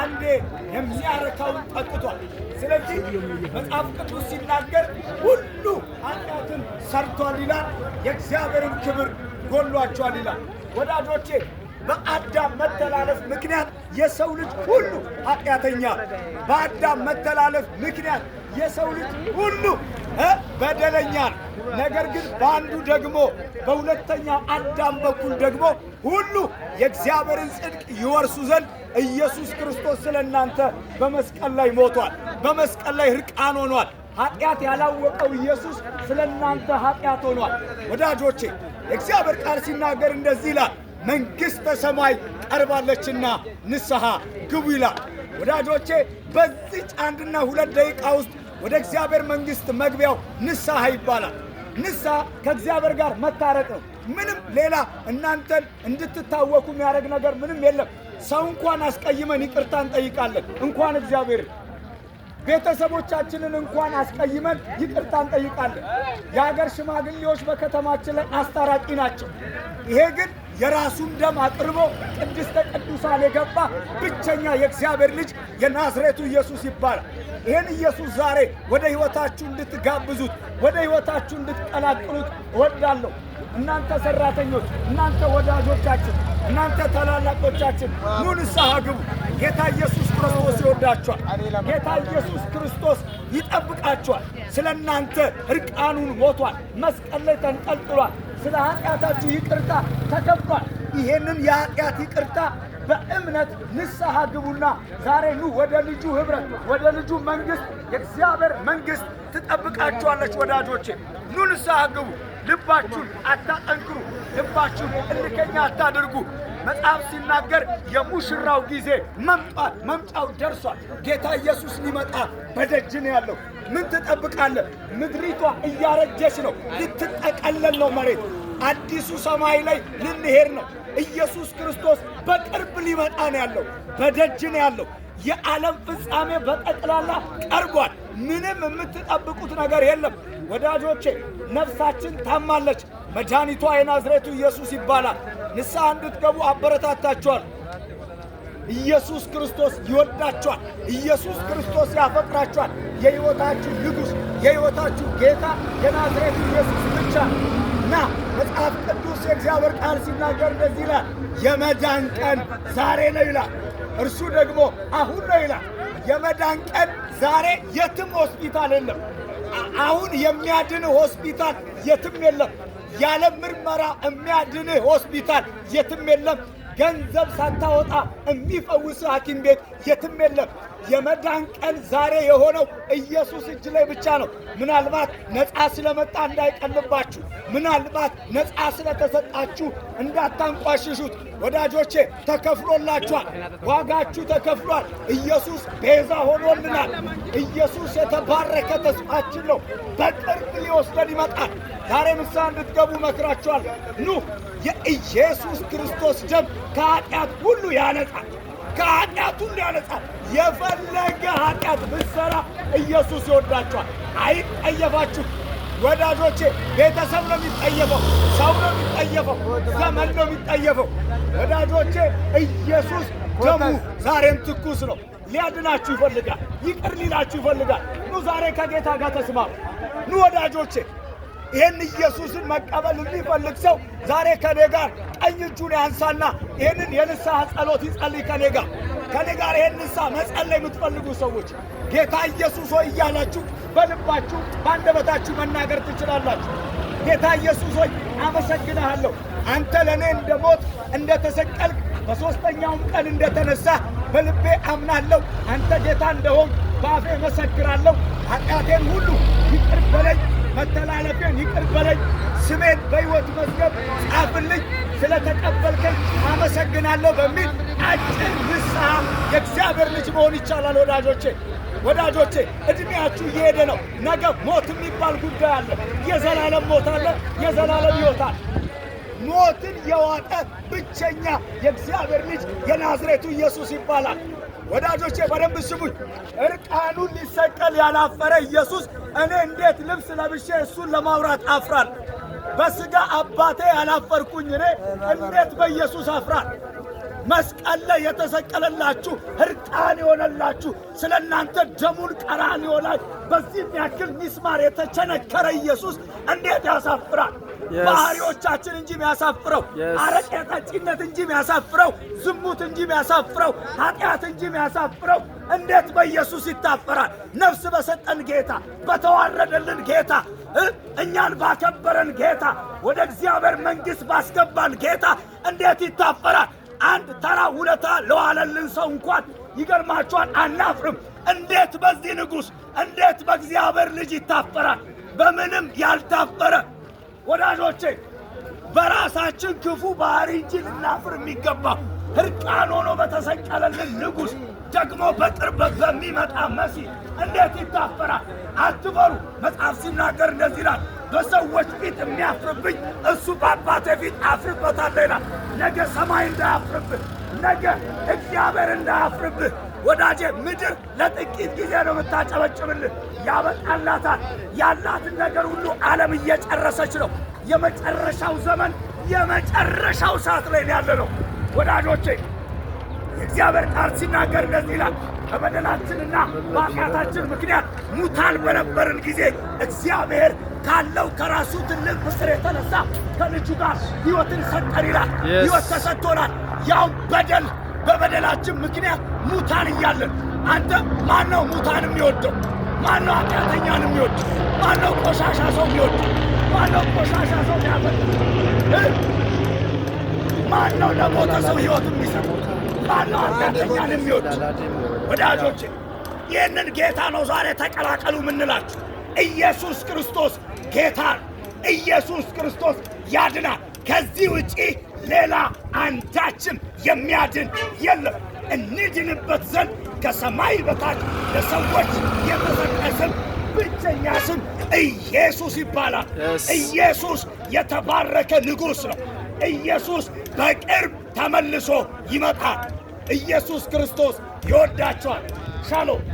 አንዴ የሚያረካውን ጠጥቷል። ስለዚህ መጽሐፍ ቅዱስ ሲናገር ሁሉ ኃጢአትን ሰርቷል ይላል፣ የእግዚአብሔርን ክብር ጎሏቸዋል ይላል። ወዳጆቼ በአዳም መተላለፍ ምክንያት የሰው ልጅ ሁሉ ኃጢአተኛ። በአዳም መተላለፍ ምክንያት የሰው ልጅ ሁሉ በደለኛ ነው። ነገር ግን በአንዱ ደግሞ በሁለተኛው አዳም በኩል ደግሞ ሁሉ የእግዚአብሔርን ጽድቅ ይወርሱ ዘንድ ኢየሱስ ክርስቶስ ስለ እናንተ በመስቀል ላይ ሞቷል። በመስቀል ላይ ርቃን ሆኗል። ኃጢአት ያላወቀው ኢየሱስ ስለ እናንተ ኃጢአት ሆኗል። ወዳጆቼ የእግዚአብሔር ቃል ሲናገር እንደዚህ ይላል፣ መንግሥተ ሰማይ ቀርባለችና ንስሐ ግቡ ይላል። ወዳጆቼ በዚች አንድና ሁለት ደቂቃ ውስጥ ወደ እግዚአብሔር መንግሥት መግቢያው ንስሐ ይባላል። ንስሐ ከእግዚአብሔር ጋር መታረቅ ነው። ምንም ሌላ እናንተን እንድትታወቁ የሚያደርግ ነገር ምንም የለም። ሰው እንኳን አስቀይመን ይቅርታ እንጠይቃለን፣ እንኳን እግዚአብሔር ቤተሰቦቻችንን እንኳን አስቀይመን ይቅርታ እንጠይቃለን። የሀገር ሽማግሌዎች በከተማችን ላይ አስታራቂ ናቸው። ይሄ ግን የራሱን ደም አቅርቦ ቅድስተ ቅዱሳን የገባ ብቸኛ የእግዚአብሔር ልጅ የናዝሬቱ ኢየሱስ ይባላል። ይህን ኢየሱስ ዛሬ ወደ ሕይወታችሁ እንድትጋብዙት ወደ ሕይወታችሁ እንድትቀላቅሉት እወዳለሁ። እናንተ ሰራተኞች፣ እናንተ ወዳጆቻችን፣ እናንተ ታላላቆቻችን ኑ ንስሐ ግቡ። ጌታ ኢየሱስ ክርስቶስ ይወዳችኋል። ጌታ ኢየሱስ ክርስቶስ ይጠብቃችኋል። ስለ እናንተ እርቃኑን ሞቷል፣ መስቀል ላይ ተንጠልጥሏል። ስለ ኃጢአታችሁ ይቅርታ ተከብሏል። ይሄንን የኃጢአት ይቅርታ በእምነት ንስሐ ግቡና ዛሬ ኑ ወደ ልጁ ህብረት ወደ ልጁ መንግስት የእግዚአብሔር መንግስት ትጠብቃችኋለች ወዳጆቼ። ኑ ንስሐ ግቡ። ልባችሁን አታጠንክሩ። ልባችሁን እልከኛ አታድርጉ። መጽሐፍ ሲናገር የሙሽራው ጊዜ መምጧት መምጫው ደርሷል። ጌታ ኢየሱስ ሊመጣ በደጅ ነው ያለው። ምን ትጠብቃለህ? ምድሪቷ እያረጀች ነው፣ ልትጠቀለል ነው መሬት አዲሱ ሰማይ ላይ ልንሄድ ነው። ኢየሱስ ክርስቶስ በቅርብ ሊመጣ ነው ያለው፣ በደጅ ነው ያለው። የዓለም ፍጻሜ በጠቅላላ ቀርቧል። ምንም የምትጠብቁት ነገር የለም ወዳጆቼ። ነፍሳችን ታማለች። መድኃኒቷ የናዝሬቱ ኢየሱስ ይባላል። ንስሐ እንድትገቡ አበረታታችኋል። ኢየሱስ ክርስቶስ ይወዳችኋል። ኢየሱስ ክርስቶስ ያፈቅራችኋል። የሕይወታችሁ ንጉሥ፣ የሕይወታችሁ ጌታ የናዝሬቱ ኢየሱስ ብቻ እና መጽሐፍ ቅዱስ የእግዚአብሔር ቃል ሲናገር እንደዚህ ይላል፣ የመዳን ቀን ዛሬ ነው ይላል። እርሱ ደግሞ አሁን ነው ይላል። የመዳን ቀን ዛሬ የትም ሆስፒታል የለም። አሁን የሚያድን ሆስፒታል የትም የለም። ያለ ምርመራ የሚያድን ሆስፒታል የትም የለም። ገንዘብ ሳታወጣ የሚፈውስ ሐኪም ቤት የትም የለም። የመዳን ቀን ዛሬ የሆነው ኢየሱስ እጅ ላይ ብቻ ነው። ምናልባት ነፃ ስለመጣ እንዳይቀልባችሁ፣ ምናልባት ነፃ ስለተሰጣችሁ እንዳታንቋሽሹት። ወዳጆቼ ተከፍሎላችኋል፣ ዋጋችሁ ተከፍሏል። ኢየሱስ ቤዛ ሆኖልናል። ኢየሱስ የተባረከ ተስፋችን ነው። በቅርብ ሊወስደን ይመጣል። ዛሬ ምሳ እንድትገቡ መክራችኋል። ኑ የኢየሱስ ክርስቶስ ደም ከኃጢአት ሁሉ ያነጻል። ከኃጢአት ሁሉ ያነጻል። የፈለገ ኃጢአት ብትሰራ ኢየሱስ ይወዳችኋል። አይጠየፋችሁ ወዳጆቼ። ቤተሰብ ነው የሚጠየፈው፣ ሰው ነው የሚጠየፈው፣ ዘመን ነው የሚጠየፈው። ወዳጆቼ ኢየሱስ ደሙ ዛሬም ትኩስ ነው። ሊያድናችሁ ይፈልጋል። ይቅር ሊላችሁ ይፈልጋል። ኑ ዛሬ ከጌታ ጋር ተስማሙ። ኑ ወዳጆቼ ይህን ኢየሱስን መቀበል የሚፈልግ ሰው ዛሬ ከኔ ጋር ቀኝ እጁን ያንሳና ይህንን የንስሐ ጸሎት ይጸልይ። ከኔ ጋር ከኔ ጋር ይህን ንስሐ መጸለይ የምትፈልጉ ሰዎች ጌታ ኢየሱስ ሆይ እያላችሁ በልባችሁ በአንደበታችሁ መናገር ትችላላችሁ። ጌታ ኢየሱስ ሆይ አመሰግንሃለሁ። አንተ ለእኔ እንደ ሞት እንደ ተሰቀልክ በሦስተኛውም ቀን እንደ ተነሳ በልቤ አምናለሁ። አንተ ጌታ እንደሆን በአፌ መሰግራለሁ። ኃጢአቴን ሁሉ ይቅር መተላለፌን ይቅር በለኝ፣ ስሜን በሕይወት መዝገብ ጻፍልኝ፣ ስለተቀበልከኝ አመሰግናለሁ በሚል አጭር ንስሐ የእግዚአብሔር ልጅ መሆን ይቻላል። ወዳጆቼ ወዳጆቼ እድሜያችሁ እየሄደ ነው። ነገ ሞት የሚባል ጉዳይ አለ። የዘላለም ሞት አለ፣ የዘላለም ሕይወት አለ። ሞትን የዋጠ ብቸኛ የእግዚአብሔር ልጅ የናዝሬቱ ኢየሱስ ይባላል። ወዳጆቼ በደንብ ስሙኝ። እርቃኑን ሊሰቀል ያላፈረ ኢየሱስ እኔ እንዴት ልብስ ለብሼ እሱን ለማውራት አፍራል? በስጋ አባቴ ያላፈርኩኝ እኔ እንዴት በኢየሱስ አፍራል? መስቀል ላይ የተሰቀለላችሁ እርቃን የሆነላችሁ ስለ እናንተ ደሙን ቀራን ላይ በዚህም ያክል ሚስማር የተቸነከረ ኢየሱስ እንዴት ያሳፍራል? ባህሪዎቻችን እንጂ የሚያሳፍረው አረቄ ጠጪነት እንጂ የሚያሳፍረው ዝሙት እንጂ የሚያሳፍረው ኃጢአት እንጂ የሚያሳፍረው እንዴት በኢየሱስ ይታፈራል? ነፍስ በሰጠን ጌታ፣ በተዋረደልን ጌታ፣ እኛን ባከበረን ጌታ፣ ወደ እግዚአብሔር መንግሥት ባስገባን ጌታ እንዴት ይታፈራል? አንድ ተራ ውለታ ለዋለልን ሰው እንኳን ይገርማችኋል፣ አናፍርም። እንዴት በዚህ ንጉሥ እንዴት በእግዚአብሔር ልጅ ይታፈራል? በምንም ያልታፈረ ወዳጆቼ በራሳችን ክፉ ባህሪ እንጂ ልናፍር የሚገባ ሕርቃን ሆኖ በተሰቀለልን ንጉሥ ደግሞ በቅርበት በሚመጣ መሲህ እንዴት ይታፈራል? አትበሉ። መጽሐፍ ሲናገር እንደዚህ ይላል በሰዎች ፊት የሚያፍርብኝ እሱ በአባቴ ፊት አፍርበታለና ነገ ሰማይ እንዳያፍርብህ፣ ነገ እግዚአብሔር እንዳያፍርብህ ወዳጄ። ምድር ለጥቂት ጊዜ ነው የምታጨበጭብልህ፣ ያበቃላታል። ያላትን ነገር ሁሉ ዓለም እየጨረሰች ነው። የመጨረሻው ዘመን የመጨረሻው ሰዓት ላይ ያለ ነው ወዳጆቼ። የእግዚአብሔር ቃል ሲናገር እንደዚህ ይላል በበደላችንና በኃጢአታችን ምክንያት ሙታን በነበርን ጊዜ እግዚአብሔር ካለው ከራሱ ትልቅ ምስር የተነሳ ከልጁ ጋር ሕይወትን ሰጠን ይላል። ሕይወት ተሰጥቶናል። ያው በደል በበደላችን ምክንያት ሙታን እያለን አንተ ማን ነው ሙታን የሚወደው? ማን ነው ኃጢአተኛን የሚወድ? ማን ነው ቆሻሻ ሰው የሚወድ? ማን ነው ቆሻሻ ሰው ያፈል? ማን ነው ለሞተ ሰው ሕይወት የሚሰጥ? ማን ነው ኃጢአተኛን የሚወድ? ወዳጆቼ ይህንን ጌታ ነው ዛሬ ተቀላቀሉ ምንላችሁ ኢየሱስ ክርስቶስ ጌታ ኢየሱስ ክርስቶስ ያድናል። ከዚህ ውጪ ሌላ አንዳችም የሚያድን የለም። እንድንበት ዘንድ ከሰማይ በታች ለሰዎች የተሰጠ ስም ብቸኛ ስም ኢየሱስ ይባላል። ኢየሱስ የተባረከ ንጉሥ ነው። ኢየሱስ በቅርብ ተመልሶ ይመጣል። ኢየሱስ ክርስቶስ ይወዳቸዋል። ሻሎም